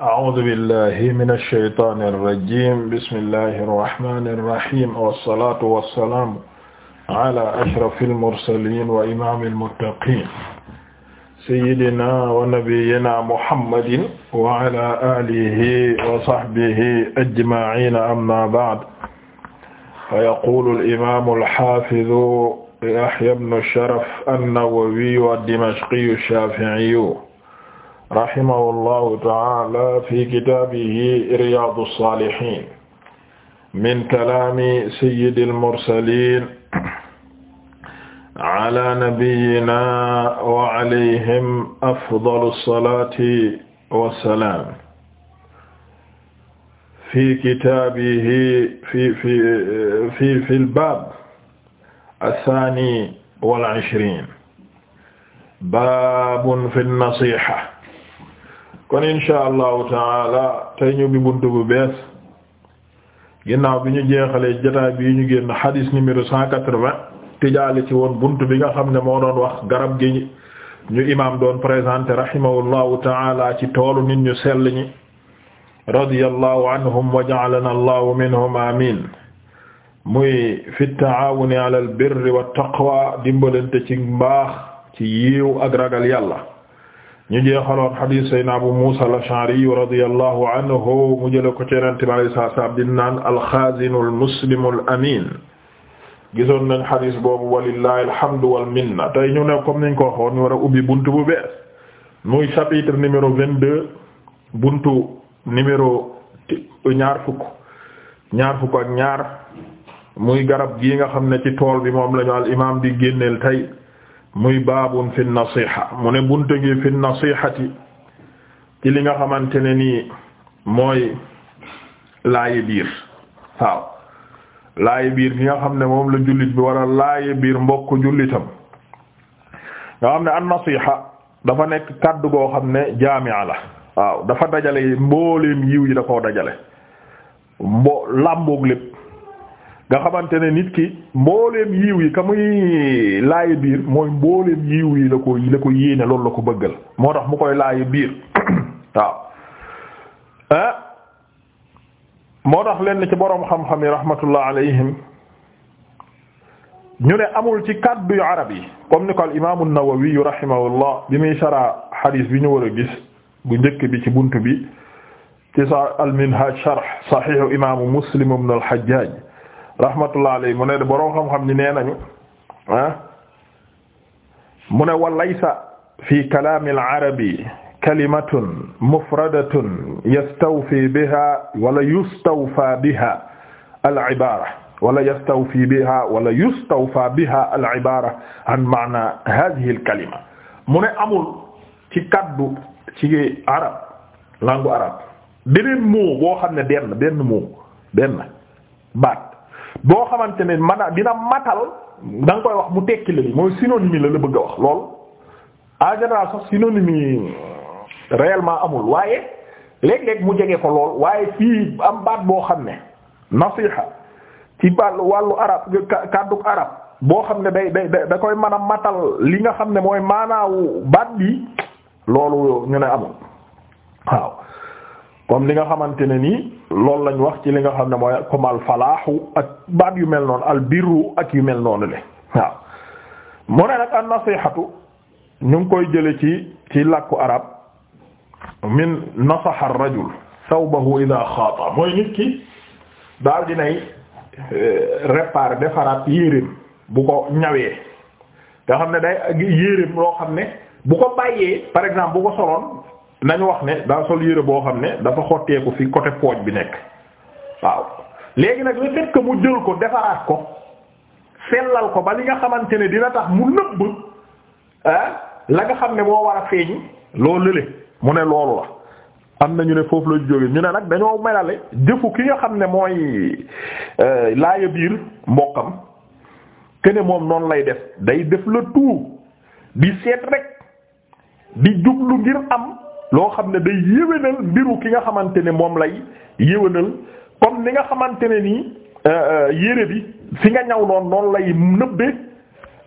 a'uuzu billahi mina shaytaani rajiim bismillahi rahmaani rahiim wassalaatu wassalaamu ala ashrafil mursaliin wa imaamil muttaqiin sayyidinaa wa nabiyyinaa muhammadin wa ala aalihi wa sahbihi ajma'iin amma ba'd fa yaquulu al-imaamul haafizu yahyaa ibnu sharaf an-nawawi ad-dimashqiyu ash-shaafi'iyu rahimahullahu ta'ala fi kitaabihi riyaadu saalihiin min kalaami sayyidil mursaliin ala nabiyyinaa wa alayhim afdalu salaati wa salaam fi kitaabihi fi fi fi fil baab asaani wal ishriin baabun fi nasiiha kon insha allahu taala tey ñu bi buntu bu bees ginnaaw bi ñu jeexalee jotaay bi ñu génn xadiis numéro cent quatre-vingts tijaale ci woon buntu bi nga xam ne moo doon wax garab gi ñu imaam doon présenté rahimahullahu taala ci toolu nit ñu sell ñi radiyallahu anhum wa ja'alana allahu minhum amin muy fi taawuni ala al wa taqwa dimbalante ci mbaax ci yiiw ak ragal yàlla ñu jeexaloon hadith sayna Abu Musa al-Ash'ari radiyallahu anhu mu jële ko ci Yonent bi alayhi salaatu wa salaam di gisoon nañ hadith boobu walillahi alhamdu wal minna tey ñu ne comme niñ ko waxoon ñu war a ubbi buntu bu bees muy chapitre numéro vingt-deux buntu numéro ñaar fukk ñaar fukk muy garab gii nga xam ne ci tool bi moom lañu al imaam di génneel tey. muy baabun fi nasiha mu ne bunte gi fi nasihati ci li nga xamante ne nii mooy laayi biir waaw laayi biir gi nga xam ne moom la jullit bi war laaye biir mbokk jullitam nga xam ne an nasiha dafa nekk kàddu goo xam ne jaami'a la waaw dafa dajale mbooleem yiw yi da koo dajale mbo làmboog lépp nga xamante ne nit ki mbooleem yiw yi ka muy laaye biir mooy mbooleem yiw yi la ko la ko yéene loolu la ko bëggal moo tax mu koy laaye biir waaw ah moo tax leen ci boroom xam-xam yi rahmatullah alayhim ñu ne amul ci kàddu yu arab yi comme ni ko al imaamu Nawawi rahimahullah bi muy shara xadiis bi ñu war a gis bu njëkk bi ci bunt bi ci sa al minhaj sharh saxiixu imaamu Muslim ibn al Hajjaj rahmatullah alayhi mu ne boroom xam-xam ni nee nañu ah mu ne wa laysa fi kalaami al-arabi kalimatun mufradatun yastawfi biha wala yustawfa biha al-ibara wala yastawfi biha wala yustawfa biha al-ibara an ma'na hadhihi al-kalima mu ne amul ci kaddu ci arab langue arabe beneen mot boo xam ne benn benn mot benn baat boo xamante ne man a dina matal danga koy wax mu tekki la li mooy synonyme la la bëgg a wax lool en général sax synonyme yi réellement amul waaye léeg-léeg mu jege ko lool waaye fii am baat boo xam ne nasiha ci baat wàllu arab kàdduk arab boo xam ne day day da koy mën a matal li nga xam ne mooy maanaawu baat bi loolu ñu ne amul waaw comme li nga xamante ne nii loolu lañ wax ci li nga xam ne mooy comme al falaaxu ak baat yu mel noonu al biiru ak yu mel noonu le waaw mu ne nag an nasihatu ñu ngi koy jële ci ci làkku arab min nasaha ar rajul sawbahu ida xaata mooy nit ki daal dinay euh, réparer defaraat yéreem bu ko ñawee nga xam ne day yéreem loo xam ne bu ko bàyyee par exemple bu ko soloon nañu wax ne daa sol yére boo xam ne dafa xotteeku fi côté pooj bi nekk waaw léegi nag le ko mu jël ko defaraat ko sellal ko ba li nga xamante ne dina tax mu nëbb la nga xam ne moo war a feeñ loolu le mu ne loolu la am na ñu ne foofu la jóge ñu ne nag dañoo melale jëfu ki nga xam ne mooy euh, laaya biir mbokkam kene moom noonu lay def day def le tout di seet rek di jublu ngir am loo xam ne day yéwénal mbiru ki nga xamante ne moom lay yéwénal comme ni nga xamante ne nii euh, euh, yére bi fi nga ñaw noon noonu lay nëbbe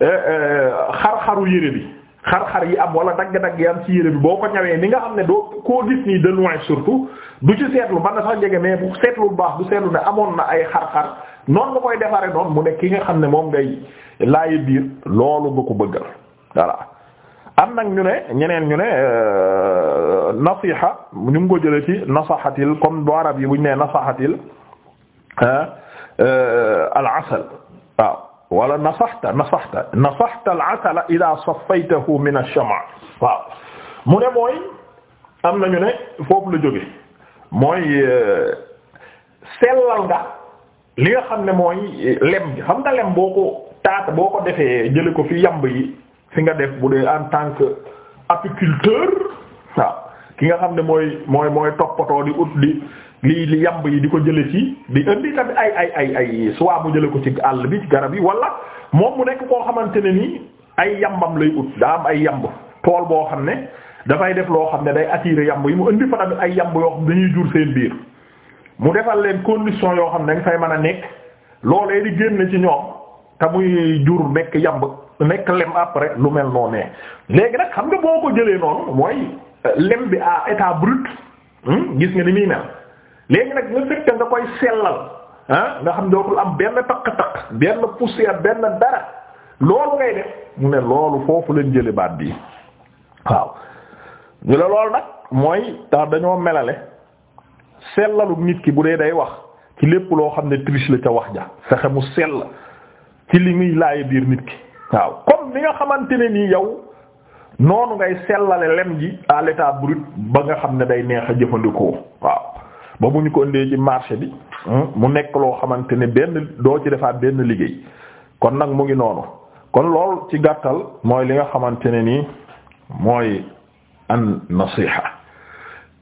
euh, xar-xaru yére bi xar-xar yi am wala dagg-dagg yi am ci yére bi boo ko ñawee ni nga xam ne doo koo gis nii de loin surtout du ci seetlu man na sax jege mais bu seetlu bu baax bu seetlu ne amoon na ay xar-xar noonu nga koy defaree noonu mu ne ki nga xam ne moom ngay laayi biir loolu nga ko bëggal voilà am nag ñu ne ñeneen ñu ne euh, nasiha ñu ngi ko jëlee ci nasaxatil comme bu arab yi bu ñu nee nasaxatil euh, al asal wala nasaxta nasaxta nasaxta al asala ida safaytahu min ash-shama mu ne mooy am na ñu ne foofu la jóge mooy euh, sellal nga xam ne mooy lem xam nga lem boo ko taata boo ko defee jële ko fi yamb yi fi nga def bu dee en tant que apiculteur waaw ki nga xam ne mooy mooy mooy toppatoo di ut di li li yamb yi di ko jële ci di indi tamit ay ay ay ay soit mu jële ko ci àll bi ci garab yi wala moom mu nekk koo xamante ne nii ay yambam lay ut daa am ay yamb tool boo xam ne dafay def loo xam ne day attire yamb yi mu indi fa tamit ay yamb yoo xam dañuy jur seen biir mu defal leen condition yoo xam ne danga fay mën a nekk loolee di génn ci ñoom te muy jur nekk yamb nekk lem rek lu mel noonu ne léegi nag xam nga boo ko jëlee noonu mooy euh, lem bi à état brut hmm, gis nga ni muy mel léegi nag nga fekk nga koy sellal ah nga xam dootul am benn taq-taq benn poussière benn dara loolu ngay def ne loolu foofu leen jële baat bi waaw ñu la loolu nag mooy tax dañoo melale sellalu nit ki bu dee day wax ci lépp loo xam ne triche la ca wax ja fexe mu sell ci li muy laaye biir nit ki waaw comme ni nga xamante ne nii yow noonu ngay sellale lem ji à l'état ba nga xam ne day neex a jëfandikoo waaw ba bu ñu ko indee ci marché bi hmm, mu nekk loo xamante ne benn doo ci defaat benn liggéey kon nag mu ngi noonu kon lool ci gàttal mooy li nga xamante ne nii mooy an nasiha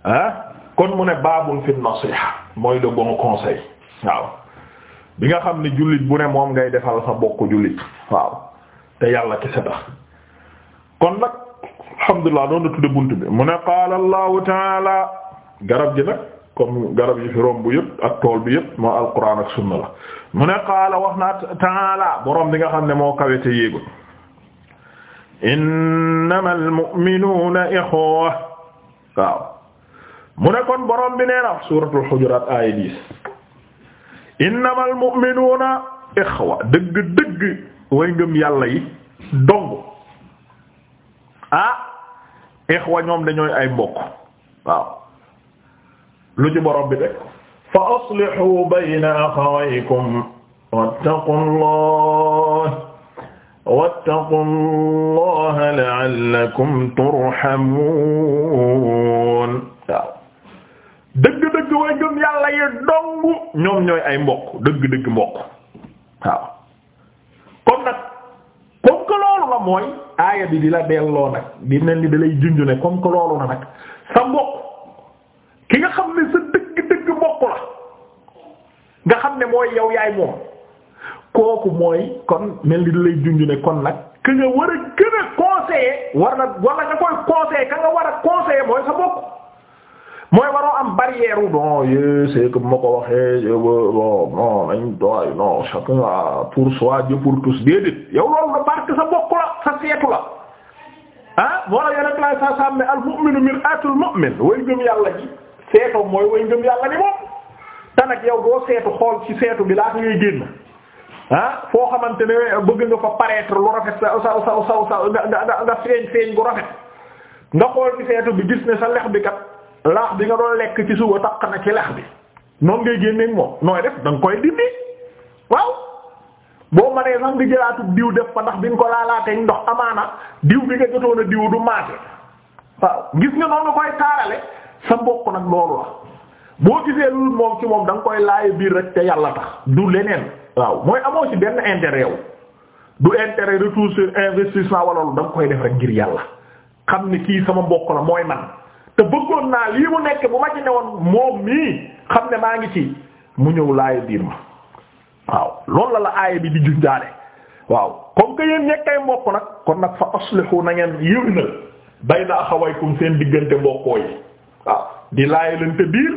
ah kon mu ne baabul fi nasiha mooy de bon conseil waaw bi nga xam ni jullit bu ne moom ngay defal sa bokk jullit waaw te yàlla kese tax kon nag alhamdulilah doon na tudde bunt bi taala garab gi nag comme garab yi fi romb yëpp ak tool bi moo alquran ak sunna la mu ne qaala taala borom bi nga xam ne moo kawete yéegul innamal mu'minuuna ixwa waaw mu ne kon borom bi nee na suuratul xujuraat aaya 10 innamal mu'minuuna ixwa dëgg way ngëm yàlla yi ah ixwa ñoom dañooy ay mbokk waaw lu ci borom bi rek fa aslihu bayna axawaykum wattaqu llah wattaqu llaha turhamun waaw dëgg-dëgg way ngëm yàlla yi dong ñoom ñooy ay mbokk mooy aaya bi di la delloo nag di mel ni lay junju ne comme que loolu na nag sa mbokk ki nga xam ne sa dëgg-dëgg mbokk la nga xam ne mooy yow yaay moom kooku mooy kon mel ni dalay junju ne kon nag ka nga war a gën a conseiller war na wala nga koy conseiller ka nga war a conseiller mooy sa mbokk mooy waroo am barrière wu non yé c'est que ma ko waxee bon non nañ doy non chacun a pour soi Dieu pour tous déedéet yow loolu la barke sa bokk la sa seetu la ah wala yonent laay sa sàmm ne al mu'minu mir'atul way ngëm yàlla ji seetoo mooy way ngëm yàlla ni moom te nag yow doo seetu xool ci seetu bi laata ngay génn ah foo xamante ne bëgg nga fa paraître lu rafet sa sa sa sa sa nga nga nga feeñ feeñ gu rafet nga xool ci seetu bi gis ne sa lex bi kat laax bi nga doon lekk ci suba takk na ci lex bi noonu ngay génneen moom nooy def da nga koy dindi waaw boo mënee sax di jëlaatu diw def fa ndax bi nga ko laalaatee ndox amaana diw bi nga jotoon a diw du maate waaw gis nga noonu nga koy taarale sa mbokk nag loolu la boo gisee lu moom ci moom da nga koy laaye biir rek te yàlla tax du leneen waaw mooy amoo ci benn intérêt wu du intérêt retour sur investissement wala lu da koy def rek ngir yàlla xam ni kii sama mbokk la mooy man. te bëggoon naa lii mu nekk bu ma ci newoon moom mii xam ne maa ngi ci mu ñëw laaya biir ma waaw loolu la la aaya bi di jundaale waaw comme que yéen ñekkay mbokk nag kon nag fa aslihu na ngeen yëwénal bayna axawaykum seen diggante mbokkoo yi waaw di laayalante biir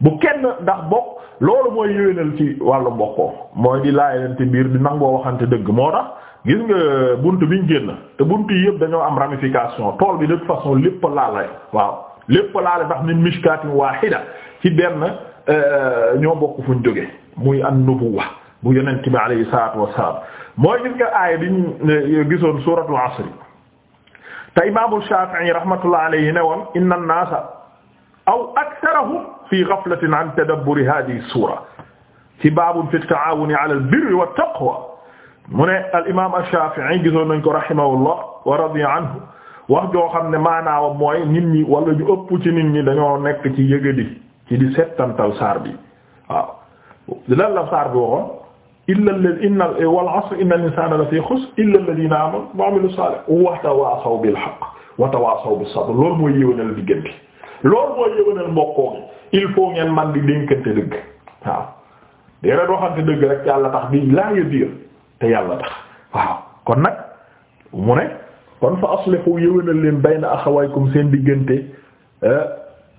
bu kenn ndax bokk loolu mooy yëwénal ci wàllu mbokkoo mooy di laayalante biir di nangoo waxante dëgg moo tax gis nga bunt biñ génn te buntu yëpp dañoo am ramification tool bi de toute façon lépp laale waaw lépp laale ndax min mishkatin wahida ci benn euh, ñoo bokk fuñ jóge muy an nubuwa bu yonent bi alayhi salaatu wassalaam mooy gis nga aaya bi ñu euh, gisoon suuratul asr te imaamul Shaafi'i rahmatullah alayhi ne woon inna an-naasa aw aktharahum fi ghaflatin an tadabburi haadihi suura ci baabun fi at-ta'aawuni ala al-birri wat-taqwa mu ne al imaam ash-Shafi'i gisoon nañ ko rahimahullah wa radiya anhu joo xam ne maanaawam mooy nit ñi wala ñu ëpp ci nit ñi dañoo nekk ci yëgadi ci di settantal saar bi waaw lan la saar bi waxoon illa inna wal asr inna al-insana la fi xusr illa alladhina amanu wa amilu salih wa tawasaw bil haqq wa tawasaw bis sabr loolu mooy yëwénal diggante loolu mooy yëwénal mbokkoo gi il faut ngeen man di dénkante dëgg waaw déedéet waxante dëgg rek yàlla tax di laa ya te yàlla tax waaw kon nag mu ne kon fa aslihu yëwénal leen bayna axawaykum seen diggante eh,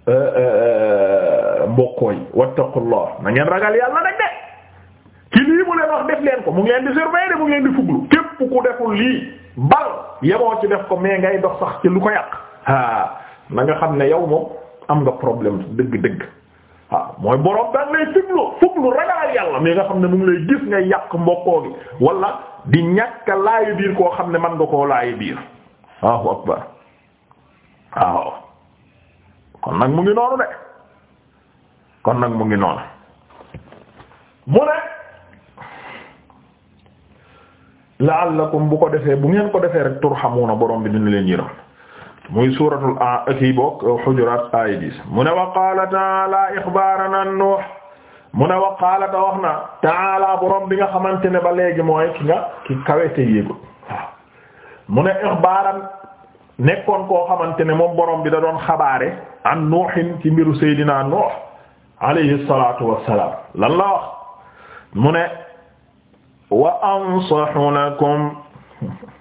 eh, eh, mbokkoo wattaqullah na ngeen ragal yàlla nag de ci lii mu leen wax def leen ko mu ngeen leen di de mu ngi di fuglu képp ku deful lii bal yemoo ci def ko mais ngay dox sax ci lu ko yàq ah na nga xam ne yow moom am nga problème dëgg-dëgg waaw mooy borom daan lay fuglu fuglu ragal yàlla mais nga xam ne mu ngi lay gis nga yàq mbokkoo gi wala di ñàkk laayu biir koo xam ne man nga koo laayu biir waaw akbar waaw kon nag mu ngi noonu de kon nag mu ngi noonu mu ne la'allakum bu ko defee bu ngeen ko defee rek turhamuna borom bi dina leen yërëm muy suuratul kii boog Hujurat euh, aaya dix mu ne wa qaala ta'aala ixbaaran an Nuux mu ne wa qaala ta wax na ta'aala borom bi nga xamante ne ba léegi mooy ki nga ki ixbaaran nekkoon koo xamante ne moom borom bi da xabaare an Nuuhin ci mbiru Seydina Nuux alayhi salaatu wassalaam lan la wax wa ansahu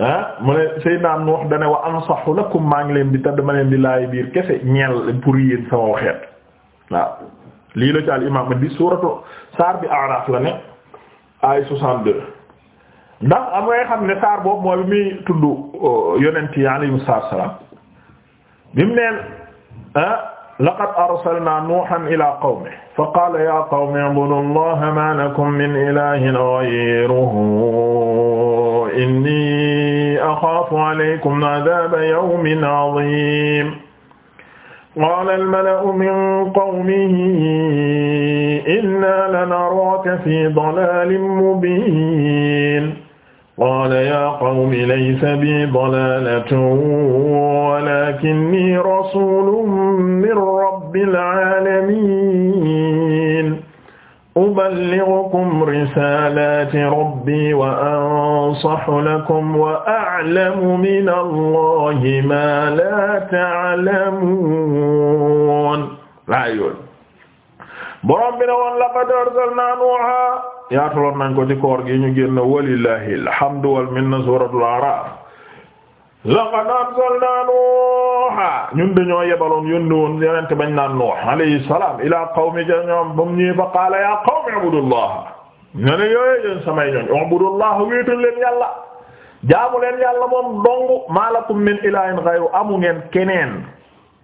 ah mu ne Seydina Nuux dane wa ansahu lakum maa ngi leen di tadd ma leen di laay biir kese ñeel pour yéen sama xeet waaw lii la ci al imam di suuratu saar bi Araf la ne ay 62 ndax am ngay xam ne saar boobu mooy bi muy tudd euh, yonent yi alayhimu salaam bi mu neen laqad arsalnaa nuuhan ilaa qawmihi fa qaala yaa qawmi u'budu allaha maa lakum min ilaahin ghayruhu inni axaafu alaykum adaaba yawmin aziim qaala al-mala'u min qawmihi innaa lanaraaka fii dalaalin mubiin qaala yaa qawmi laysa bii dalaalatun walaakinnii rasuulun min rabbil aalamiin uballighukum risalati rabbi wa ansahu lakum wa a'lamu min allahi ma la ta'lamun laa yoon borom bi ne woon laqad arsalnaa Nuuha yaataloon nañ ko ci koor gi ñu génn walillahi alhamdu wal minna suuratul A'raaf laqad arsalnaa Nuuha ñun dañoo yebaloon yónni woon yonent bañ naan Nuux alayhi salaam ilaa qawmi ja ñoom ba mu ñëwee fa qaala yaa qawmi ubudullaah ne ne yooyu yéen samay ñoñ ubudullaah wéetal leen yàlla jaamu leen yàlla moom dong maa lakum min ilaahin ghayru amu ngeen keneen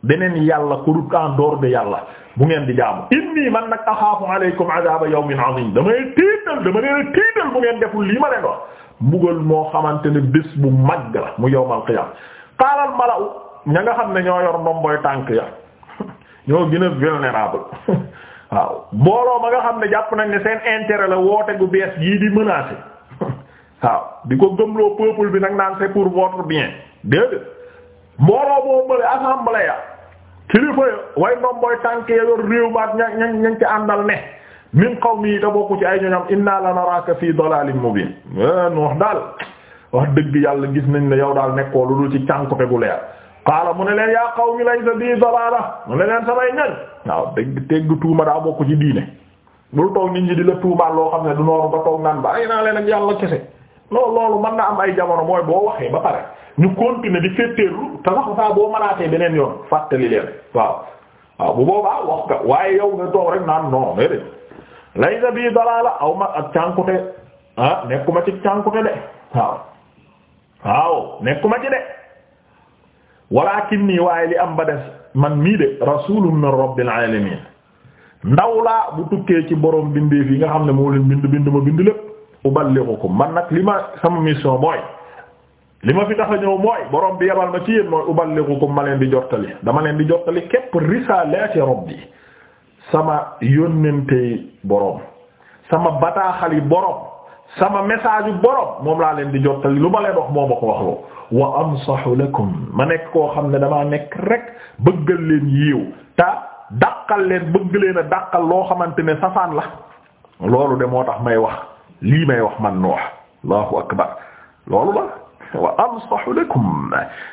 beneen yàlla ku dul en dehors de yàlla bu ngeen di jaamu. inni man nag axaafu alaykum adaaba yawmin aziim damay tiital dama leen tiital bu ngeen deful lii ma leen wax mbugal moo xamante ne bés bu mag la mu yowmal qiyaama xaalal malaw ña nga xam ne ñoo yor ndomboy tànk ya ñoo gën a vulnérable waaw mbooloo ma nga xam ne jàpp nañ ne seen intérêt la woote gu bees yii di menacé waaw di ko gëmloo peuple bi nag naan c'est pour votre bien déedéet mbooloo boo bëri assemblée ya kilifa way ndomboy tànk ya yor réew ma ak ña ña ña ca àndal ne. min qawmi mii te bokku ci ay ñoñam inna la naraka fi dalalin mubin eh, noox daal wax dëgg yàlla gis nañ ne yow daal nekkoo lu dul ci cànkute gu leer qaala mu ne leen yaa xaw qawmi laysa bi dalala mu ne leen samay ñoñ waaw dégg tegg tuuma daa bokk ci diine bul toog nit ñi di la tuumaal loo xam ne du nooru ba toog naan ba ay naa leen ak yàlla kese loolu loolu mën na am ay jamono mooy boo waxee ba pare ñu continuer di féttéerlu te sax saa boo beneen yoon fàttali leen waaw waaw bu yow nga toog rek laysa bii dalaala aw ma ak cànkute ah nekkuma ci cànkute de waaw waaw nekkuma ci de walaakinnii waaye li am ba des man mii de rasulun min rabbil alamin ndaw laa bu tukkee ci borom bindeef yi nga xam ne moo leen bind bind ma bind lépp uballighukum man nag li ma sama mission mooy li ma fi tax ñëw mooy borom bi yebal ma ci yéen mooy uballighukum ma leen di jottali dama leen di jottali képp risalati rabbi sama yónnentey boroom sama bataaxali borom sama message boroom moom laa leen di jottali lu ma leen wax moo ma ko waxloo wa ansahu lakum ma nekk koo xam ne damaa nekk rek bëggal leen yiiw te dàqal leen bëgg leen a dàqal loo xamante ne safaan la loolu de moo tax may wax lii may wax man noox allahu akbar loolu la wa ansahu lakum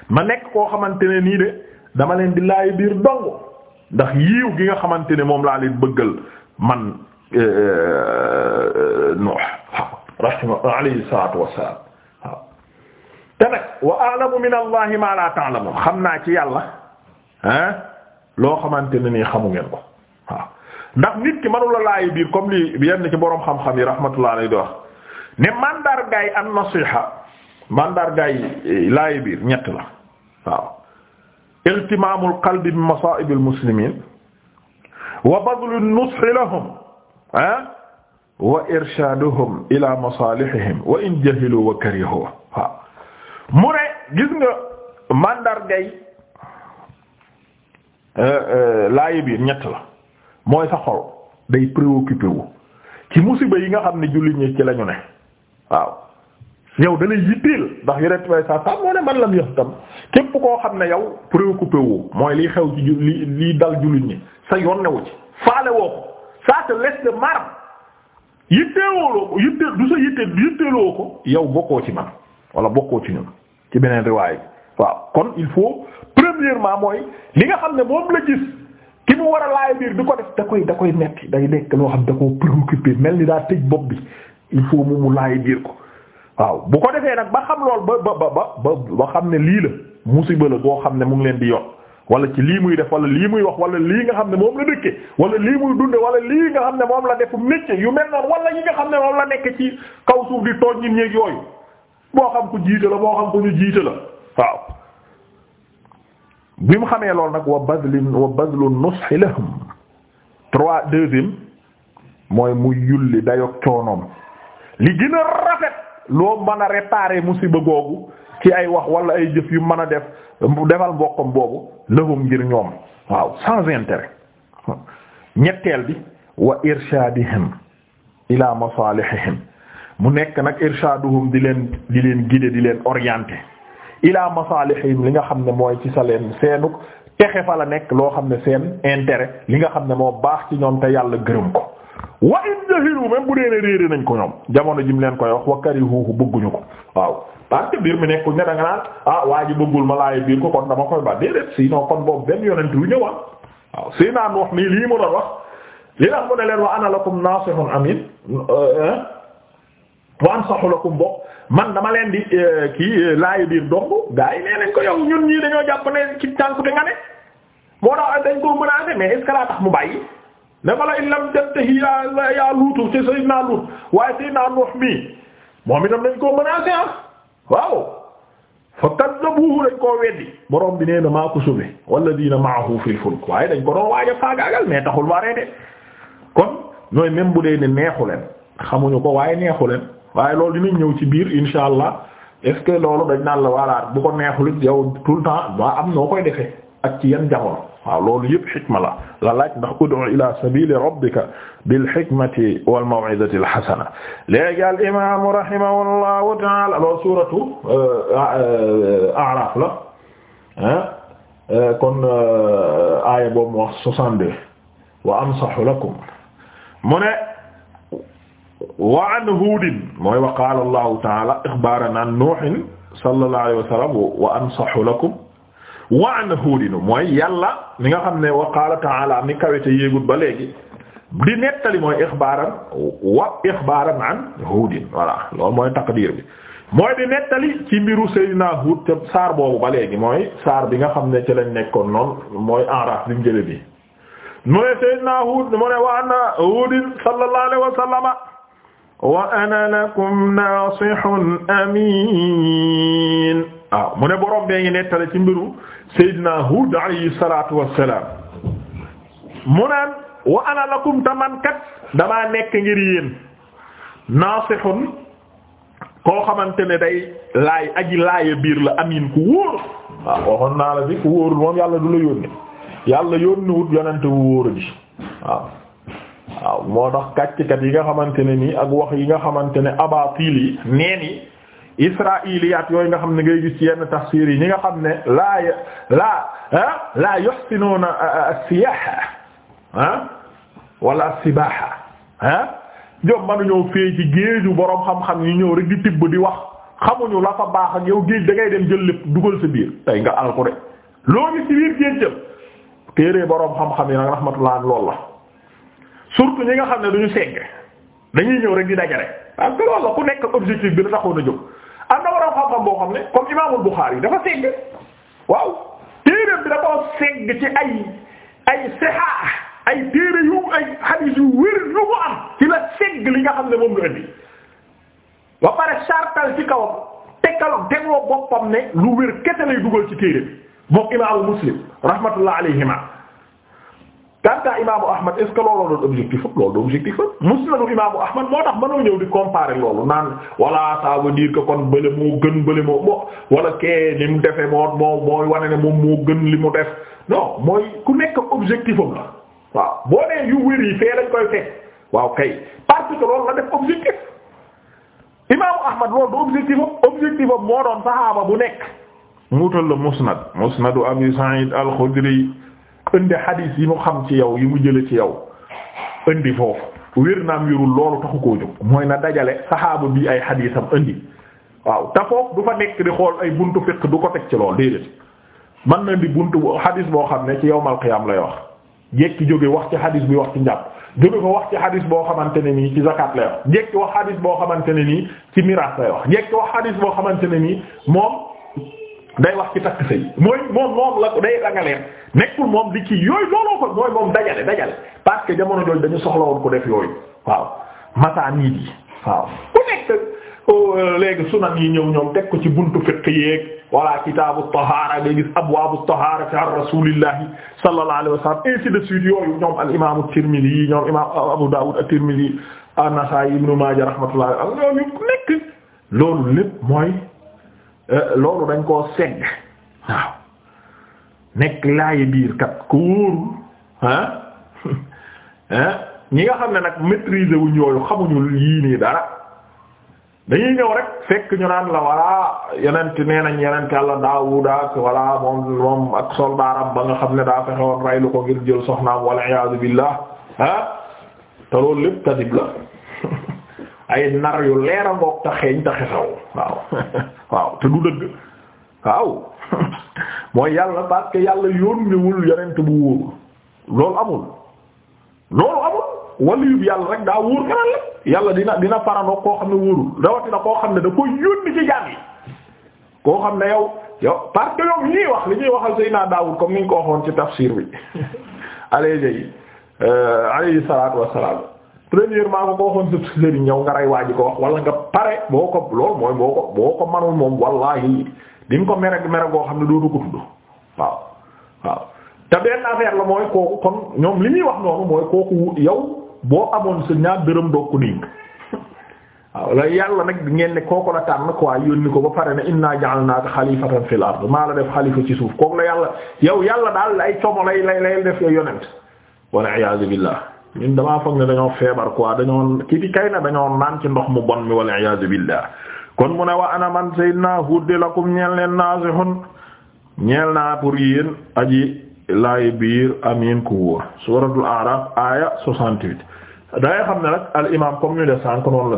ma nekk koo xamante nii de dama leen di laay biir dong dax yiiw gi nga xamante ne moom laa leen bëggal man eh, eh, Nuux rahima alayhi salaatu wassalaam waaw te nag wa a'lamu ma la ta'lamun xam naa ci yàlla ah loo xamante ni nii xamu ngeen ko waaw ndax nit ki manula laayi biir comme li yenn ci boroom xam-xam yi rahmatullah alayhi di wax ne mandargaay an nasiha mandargaay eh, laayi biir ñett la waaw iltimaamul qalbi bi masaa'ibil muslimiin wa badlun nushi lahum ah wa irshaaduhum ilaa masaalihihim wa in jahilu wa karihu mu ne gis nga mandargay eh, eh, laayi biir ñett la mooy sa xol day préoccupé ci musiba yi nga xam ne jullit ñi ci lañu ne waaw yow da lay yitteel ndax yonent bay saa saa moo ne man lam yox tam képp koo xam ne yow préoccupé wu mooy lii xew ci li liy dal jullit ñi sa yoon newu ci faale woo ko ça te laisse de marbre yitteel du ko yow bokkoo ci man wala bokkoo ci ñun ci beneen riwaay waaw kon il faut premièrement mooy li nga xam ne moom la gis ki mu war a laay biir du ko def da koy da koy metti day nekk loo xam da koo préoccupé mel ni daa tëj bopp bi il faut mu mu laay biir ko waaw bu ko defee nag ba xam lool ba ba ba ba ba xam ne lii la musiba la boo xam ne mu ngi leen di yor wala ci lii muy def wala lii muy wax wala lii nga xam ne moom la dëkke wala lii muy dunde wala lii nga xam ne moom la def métier yu mel noonu wala yi nga xam ne moom la nekk ci kaw suuf di tooñ ñin ñeeg yooyu boo xam ko jiite la boo xam ko ñu jiite la waaw bi mu xamee lool nag wa badlin wa badlu nushi lahum trois deuxième mooy mu yulli dayo coonoom li gën a rafet loo mën a réparer musiba googu ci ay wax wala ay jëf yu mën a def defal mbokkam boobu lahum ngir ñoom waaw sans intérêt ñetteel bi wa irshadihim ila masalihihim mu nekk nag irshaduhum di leen di leen guider di leen orienter ila masalihihim li nga xam ne mooy ci sa leen seenu texe fa la nekk loo xam ne seen intérêt li nga xam ne moo baax ci ñoom te yàlla gërëm ko wa in jahilu bu dee ne réere nañ ko ñoom jamono jim leen koy wax wa karihuhu bëgguñu ko waaw parce biir mi nekkul ne da naan ah waa ji bëggul ma laaye biir ko kon dama koy ba déedéet sinon kon boobu benn yonent wu ñëwal waaw si naan wax nii lii mu wax li tax mu ne leen wa ana lakum nasihun eh, man dama leen di eh, kii eh, laaye biir dong gaa yi nee nañ ko yow ñun moo tax mu bàyyi ne fa la in lam tantahi yaa yaa luutu ci sayyidina Luut waaye sayyidina Nuux mi moom itam dañ koo menacé ah waaw fa kaddabuhu dañ koo weddi borom bi nee na maa ko sauvé walladiina ma'ahu fil fulk waaye dañ ko doon waaj a faagaagal mais taxul ma reede kon ñooy ne neexu leen xamuñu ko waaye neexu leen waaye loolu dinañ ñëw ci biir insha allah est loolu dañ naan la walaat bu neexul yow tout le temps waa am noo koy defee ak ci yenn jamono. waaw loolu yëpp xikma la la laaj ndax ud'u ila sabili rabbika bil hikmati wal maw'izati al hasana léegi al imam rahimahullahu ta'ala loolu suratu euh, euh, a'raf la euh, kon aaya boobu wax 62 wa ansahu lakum mu ne wa an huudin mooy wa qaala allahu ta'ala ikhbaaran an nuuhin sallallahu alayhi wa sallam wa ansahu lakum wa an huudinu mooy yàlla mi nga xam ne wa qaala ta'ala mi kawete yéegul ba léegi di nettali mooy ixbaaran wa ixbaaran an huudin voilà loolu mooy taqdiir bi mooy di nettali ci mbiru Seydina Huud saar boobu ba léegi mooy saar bi nga xam ne ci nekkoon noonu mooy enraf bi mu jële bi mu ne Seydina Huud mu ne wa ana Huudin sallallahu alayhi wa wa ana lakum naasihun amiin waaw ah, mu ne borom bee ngi nettali ci mbiru Seydina Hud alayhi salaatu wassalaam mu naan wa ana lakum taman kat damaa nekk ngir yéen naasixun koo xamante ne day laay aji laaya biir la amin ku wóor waaw ah, waxoon naa la bi ku wóorul moom yàlla du la yónni yàlla yónni wut yonent bu wóor waaw waaw moo tax kàccikat yi nga xamante ne nii ak wax yi nga xamante ne abatil yi neen yi israiliyaat yooyu nga xam ne ngay gis yenn tafsir yi ñi nga xam ne laa laa laa yuhsinuuna as-siyaaha ah wala as-sibaaha ah ñoom mënuñoo fee ci géeju boroom xam-xam yi ñëw rek di tibb di wax xamuñu la fa baax ak yow géej da ngay dem jël lépp dugal sa biir tey nga àl ko loo gis ci biir géej jël téere boroom xam-xam yi nag rahmatullah lool la surtout ñi nga xam ne duñu segg dañuy ñëw rek di dajale parce que la ku nekk objectif bi da taxoon a jóg am na waroon xam-xam boo xam ne comme Imaamul Buxaari dafa segg waaw téereem bi dafa segg ci ay ay sexaa ay téere yu ay xadiis yu wér yu ko am ci la segg li nga xam ne moom la indi ba pare sartal ci kawam tekkaloog tegoo boppam ne lu wér kese dugal ci téere bi moom Imaamu Muslim rahmatullah alayhima kanta imaamu Ahmad est ce que looloo doon objectif loolu doon objectif am musnadu imaamu Ahmad moo tax mënoo ñëw di comparer loolu naan voilà ça veut dire que kon bële moo gën bële moo wala kee ni mu moo moo wane ne moom moo gën li mu def non mooy ku nekk objectif am la waaw boo nee yu wér yi koy fekk waaw kay parce loolu la def objectif imaamu Ahmad loolu du objectif am objectif moo doon saxaaba bu nekk. muutal la musnad musnadu Abi Sa'id indi hadith yi mu xam ci yow yi mu jële ci yaw indi foofu wér naam wérul loolu taxu koo jóg mooy na dajale saxaaba bi ay haditham indi waaw te foofu du fa nekk di xool ay buntu fiq du ko teg ci loolu déedéet man na indi buntu hadith boo xam ne ci yawmal qiyaam lay wax jekki jóge wax ci hadith bi wax ci njàpp jóge ko wax ci hadis boo xamante ne nii ci zakat lay wax jekki wax hadis boo xamante ne nii ci miraas lay wax jekki wax boo xamante ne nii moom day wax ci takk sëy mooy moom moom la day rangaleen nekkul moom di ci yooyu looloo ko mooy moom dajale dajale parce que jamono jooju dañu soxla woon ko def yooyu waaw masaaniid yi waaw ku nekk euh, léegi sunan yi ñëw ñoom teg ci buntu fiqh yeeg walla kitaabu tahaara ngay gis abwaabu tahaara fi rasuulillahi sallallahu alayhi wa sallam ainsi de suite yooyu ñoom al imaamu Tirmidhi ñoom imaam Maaja rahmatullah ñoom loolu lépp mooy Euh, loolu dañ koo segg waaw nekk laayi biir kat ku wóorul ñi nga xam ne nag maîtriser wuñ yooyu xamuñu yii nii dara dañuy ñëw rek fekk ñu naan la walla yenent nee nañ yenent yàlla Daawuda ak walla moom moom ak sol soldaaram ba nga xam ne daa fexe woon raylu ko ngir jël soxnaam walla iyaazu billah ah te loolu lépp kadib la ay nar yu leera a ngoog te xeeñ waaw waaw te du dëgg waaw mooy yàlla parce que yàlla yónniwul yonent bu wóorul loolu amul loolu amul waliyub yàlla rek daa wóor kanaan la yàlla dina dina parandoo koo xam ne wóorul rawatina koo xam ne da ko yónni ci jaam koo xam ne yow yow parce que yow ñuy wax li ñuy waxal Seydina Daawud comme ni ko waxoon ci tafsir bi alayhi euh, alayhi salaatu wassalaam premièrement bu ko waxoon sa sëriñ ñëw nga rey waa ji ko wax wala nga pare boo ko loolu mooy boo ko boo ko manul moom wallahi di ko mere mere xam ne dootu ko tudd la mooy kooku kon ñoom li ñuy wax noonu mooy kooku yow boo amoon sa ñaar dërëm doog ko dénk waaw la yàlla nag ngeen ne kooku la tànn quoi yónni ko ba pare ne inna ja'alnaaka xalifatan fil maa la def xalifa ci suuf kook la yàlla yow yàlla daal ay como lay lay def yonent wal iyaazu billah ñun damaa foog ne dañoo feebar quoi dañoo kiti kay na dañoo naan ci ndox mu bon mi wal iyaazu billah kon mu ne wa ana man sayyidna Hud lakum ñeel leen naasihun ñeel naa pour yéen aji biir amiin ku wóor suuratul A'raaf aaya 68 da xam ne nag al imaam comme ñu def sànq noonu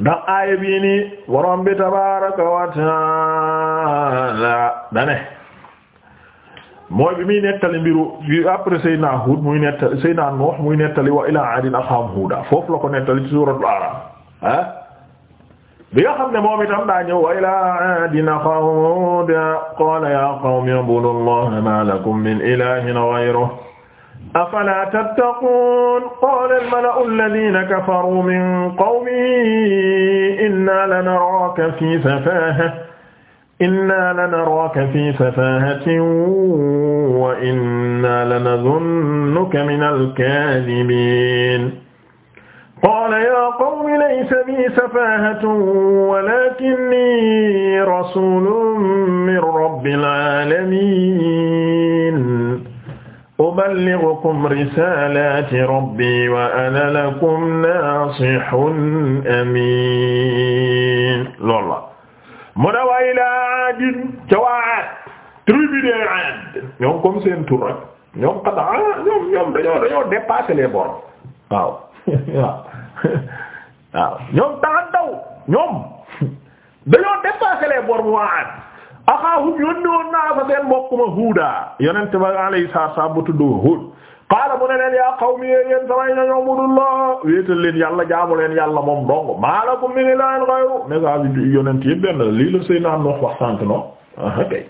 ndax aaya bii nii borom tabaaraka wa ta'aala dane mooy bi muy nettali mbiru après Seydina Hud muy nettali Seydina Nuh muy nettali wa ilaa aadin axaahum huuda foofu la ko nettali ci suuratul A'raaf ah bi nga xam ne moom itam daa ñëw wa ilaa aadin axaahum huuda qaala yaa qawmi u'budu Allaha maa lakum min ilaahin ghayruhu afalaa tattaquun qaala al-mala'u allaziina kafaruu min qawmihi innaa lanaraaka fii safaahatin inna lanaraaka fi safaahatin wa inna lanazunnuka minal kaadhibiin qaala yaa qawmi laysa bii safaahatun walaakinnii rasuulun min rabbil aalamiin uballighukum risaalaati rabbii wa ana lakum naasihun amiin loolu la mu ne wa ilaa aadin ca waa aad tribu de aad ñoom comme seen tur rek ñoom xanaa ah ñoom ñoom dañoo dañoo dépasser les bornes waaw waaw waaw waa aad axaahum yónni woon naa fa seen mbokk ma Huuda yonent ba alayhi salaam bu tudd Huud qaala mu ne leen yaa qawmi yéen samay ñoño budullah wéetal leen yàlla jaamu leen yàlla moom dong maalakum min ilaahin ghayru message bi yonent yëpp benn lii la sëy naan noox wax sànk noonu ah kay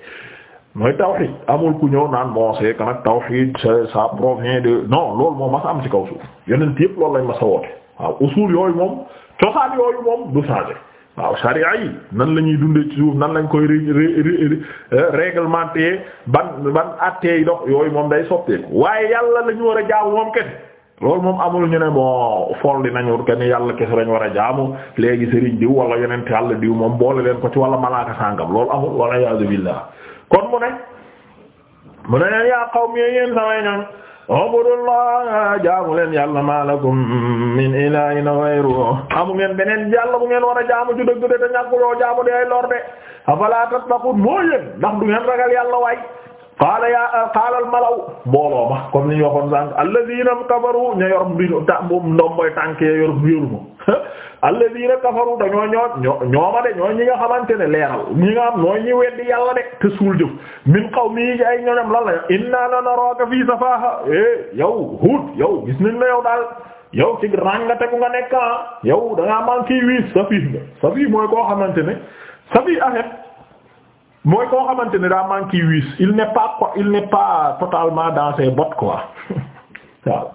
mooy tawhid amul ku ñëw naan bon c'est que nag tawhid ça provient de non loolu moom mas a am ci kaw suuf yonent yëpp loolu lañ mas a woote waaw usul moom cosaan yooyu moom du changer waaw sharia yi nan la ñuy dundee ci suuf nan lañ koy euh, réglementé ban ban attey dox yooyu moom day soppeeku waaye yàlla la ñu war a jaamu moom kese lool moom amul ñu ne bon fool di nañu kenn yàlla kese dañu war a jaamu léegi sëriñ diw wala yeneen yàlla diw moom boole leen ko ci wala malaaka sàngam lool amul wala yaazu billah kon mu ne mu ne yaa qawmi yéen samay ñoñ ubudullah jaamu leen yàlla malakum min ilahin ghayru amu ngeen beneen yàlla bu ngeen war a jaamu ju dëgg de te ñàkkuloo jaamu de ay lor de afala tattaqun moo yéen ndax du ngeen ragal yàlla waay qaala yaa qaala al malaw mbooloo ma comme ni ñu waxoon sànq alladhina kafaru yor mbi ta ndomboy tànk ya yor yoruma alladina kafaru dañoo ñoo ñooma de ñooy ñi nga xamante ne leeral ñi nga am nooy ñi weddi yàlla de te suul jëf min qawmi yi ay ñoñam lan la inna la naraka fii safaha eh yow Hud yow gis nañ la yow daal yow ci rang nga tegu nga nekk ah yow da ngaa man kii wii safih nga safih mooy koo xamante ne safih ahet mooy koo xamante ni daa manque yi wiis il n'est pas quoi il n'est pas totalement dans ses bottes quoi waaw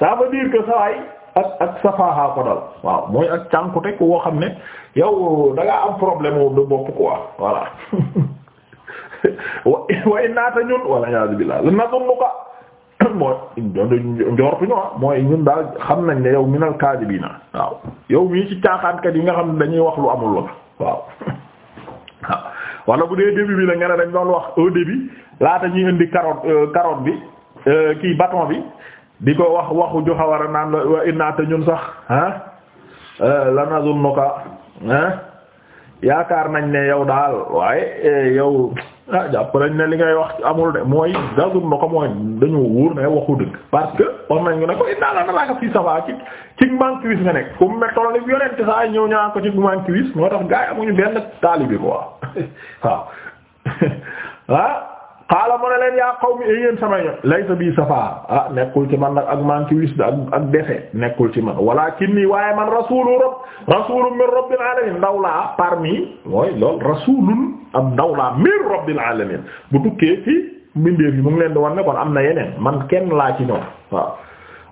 ça veut dire que ça ak ak safaaxaa ko dal waaw mooy ak cànkute ku woo xam ne yow da ngaa am problème moom de bopp quoi voilà wa way naata ñun wala iyaazu billaah la nazunnu ko mooy njortuñu ah mooy ñun daal xam nañ ne yow minal kaadibiina waaw yow mii ci caaxaankat yi nga xam ne dañuy wax lu amul la waaw waaw bu dee début bi la nga ne dañ doon wax au début laata ñu indi carotte euh, carotte bi euh, kii bâton bi di ko wax waxu ju xawara naan la wa naa te ñun sax ah eh, lanazunnuka ah yaakaar nañ ne yow daal waaye eh, yow ah jàpp nañ ne li ngay wax amul de mooy nazunnuka mooy dañu wóor ne waxu dëgg parce que wax nañ ne ko inna lanaraaka fii safaa ci ci manquiwis nga nekk fu mu ne toll saa ñëw ñëwaat ko ci manquiwis moo tax gaa amuñu benn taalibi quoi waaw ah. xaala mu ne leen yaa qawmi eh, yéen sama ñoom laysa bii safa ah nekkul ci man nag ak man ci wis ak defe nekkul ci man walakinni waaye man rasulu rabb rasulun min rabbil alamin ndaw laa parmi mooy loolu rasulun am ndaw min rabbil alamin bu tukkee ci mbindeef yi mu leen di wan ne kon am na yeneen man kenn laa ci ñoom waaw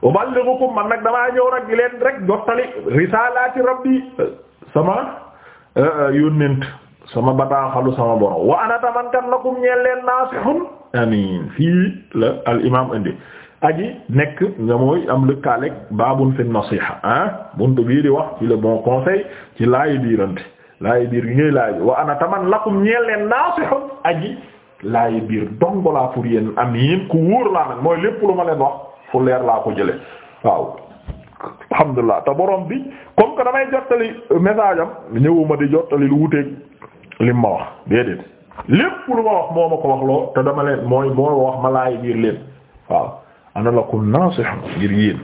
uballighukum man nag damaa ñëw nag leen rek jottali risalati rabbi sama eh, eh, yónnent sama bataaxalu sama borom wa ana taman kat lakum ñeel leen naasihun amin fii la al indi aji nekk nga mooy am lëkkaaleeg baabun fi nasiha ah buntu bii di wax ci le bon conseil ci laayi biir gi laayi wa ana laayi biir dongolaa pour yéen amin ku wóor laa nag mooy lépp lu ma leen wax fu leer laa ko jële waaw alhamdulillah te borom bi comme que damay jottali message am ñëwuma di jottali lu wuteeg lim ma wax déedéet lépp lu ma wax moo ma ko wax loo te dama leen mooy moo wax ma laay biir leen waaw ana lakum nasih ngir yéen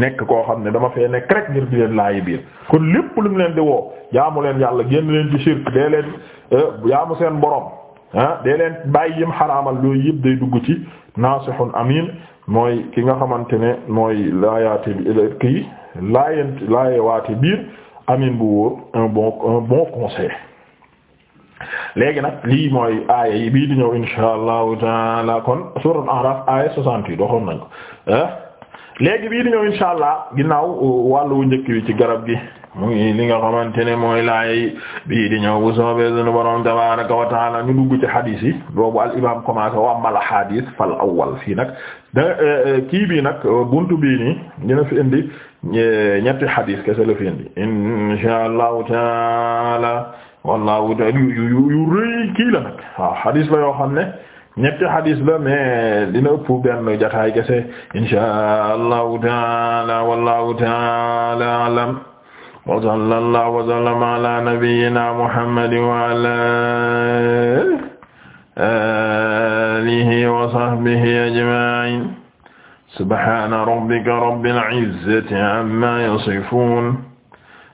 nekk koo xam ne dama fee nekk rek ngir di leen laay biir kon lépp lu mu leen di woo jaamu leen yàlla génn leen ci shirk dee leen eh, jaamu seen borom ah dee leen bàyyi yim xaraamal yooyu yëpp day dugg ci nasihun amin mooy ki nga xamante ne mooy laayaate kii laayent laayewaate biir amin bu wóor un bon conseil léegi nag lii mooy aaya yi bii di ñëw insha taala kon suuratul A'raaf aaya 68 waxoon nañ ko eh? léegi bii ñëw insha ginnaaw wàllu njëkk wi ci garab gi mu li nga xamante ne mooy laay bii di ñëw bu soobee sunu borom tabaaraka wa taala ñu dugg ci xadiis yi boobu al imaam commencé wa amal xadiis fal awwal fii nag eh, eh, kii bii nag buntu bii nii dina fi indi ñetti xadiis kese la fi indi insha taala wallaahu yu rëy kii la nag waaw xadis la yoo xam ne ñetti xadis la mais dina ëpp benn jataay kese inshaa allahu taala wallahu taala alam wa sallallahu wa sallama ala nabiyyina muhammadin wa ala alihi wa sahbihi ajma'in subhana rabbika rabbil izzati amma yasifun